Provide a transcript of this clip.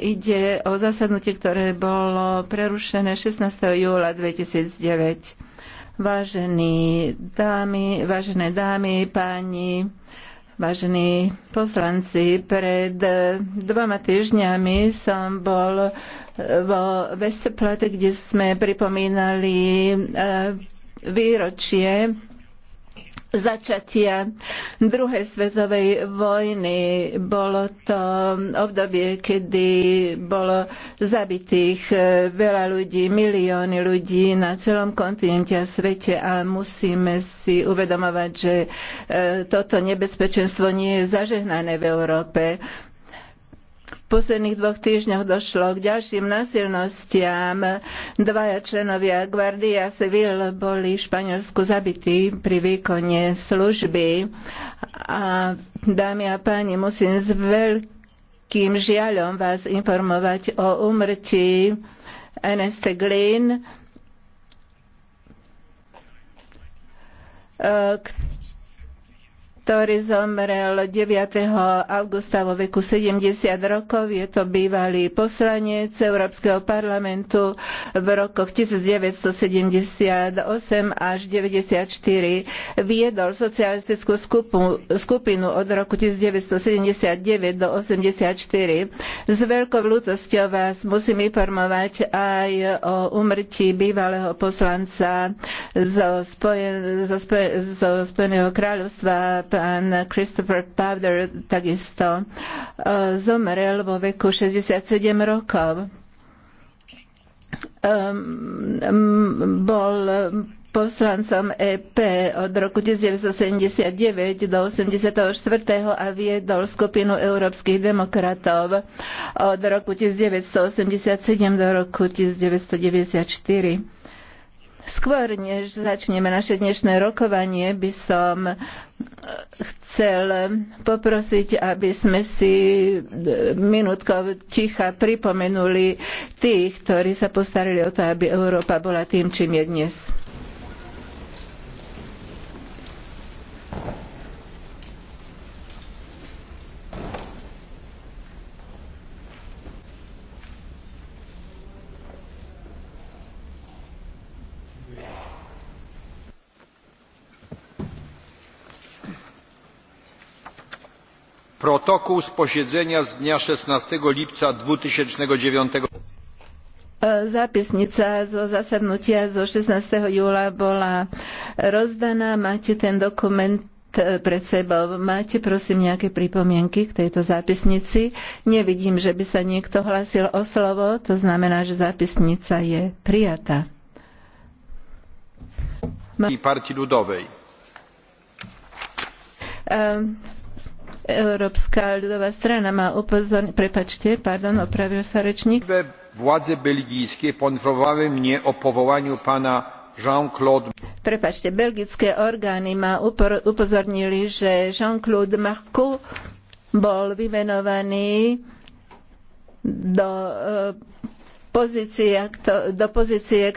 Ide o zasadnutie, ktoré bolo prerušené 16. júla 2009. Vážení dámy, vážené dámy, páni, vážení poslanci, pred dvoma týždňami som bol eh, vo Westerplatte, kde sme pripomínali eh, výročie začatia druhej svetovej vojny. Bolo to obdobie, kedy bolo zabitých e, veľa ľudí, milióny ľudí na celom kontinente a svete a musíme si uvedomovať, že e, toto nebezpečenstvo nie je zažehnané v Európe posledných dvoch týždňoch došlo k ďalším násilnostiam. Dvaja členovia Guardia Civil boli v Španielsku zabití pri výkone služby. A dámy a páni, musím s veľkým žiaľom vás informovať o umrti NST Glyn, ktorý zomrel 9. augusta vo veku 70 rokov. Je to bývalý poslanec Európskeho parlamentu v rokoch 1978 až 1994. Viedol socialistickú skupinu od roku 1979 do 1984. S veľkou ľútosťou vás musím informovať aj o umrti bývalého poslanca zo, Spojen- zo, Spojen- zo Spojeného kráľovstva pán Christopher Powder takisto e, zomrel vo veku 67 rokov. Um, bol poslancom EP od roku 1979 do 1984 a viedol skupinu európskych demokratov od roku 1987 do roku 1994. Skôr, než začneme naše dnešné rokovanie, by som chcel poprosiť, aby sme si e, minútkov ticha pripomenuli tých, ktorí sa postarili o to, aby Európa bola tým, čím je dnes. Protokół z posiedzenia z dnia 16 lipca 2009 e, Zápisnica zo zasadnutia zo 16. júla bola rozdaná. Máte ten dokument e, pred sebou. Máte prosím nejaké pripomienky k tejto zápisnici? Nevidím, že by sa niekto hlasil o slovo. To znamená, že zápisnica je prijatá. Partii ľudovej. E, Európska ľudová strana má upozorniť, prepačte, pardon, opravil sa rečník. Władze belgijskie poinformowały mnie o powołaniu pana Jean-Claude. Prepačte, belgické orgány ma upozornili, že Jean-Claude Marco bol vymenovaný do e, pozície, do pozície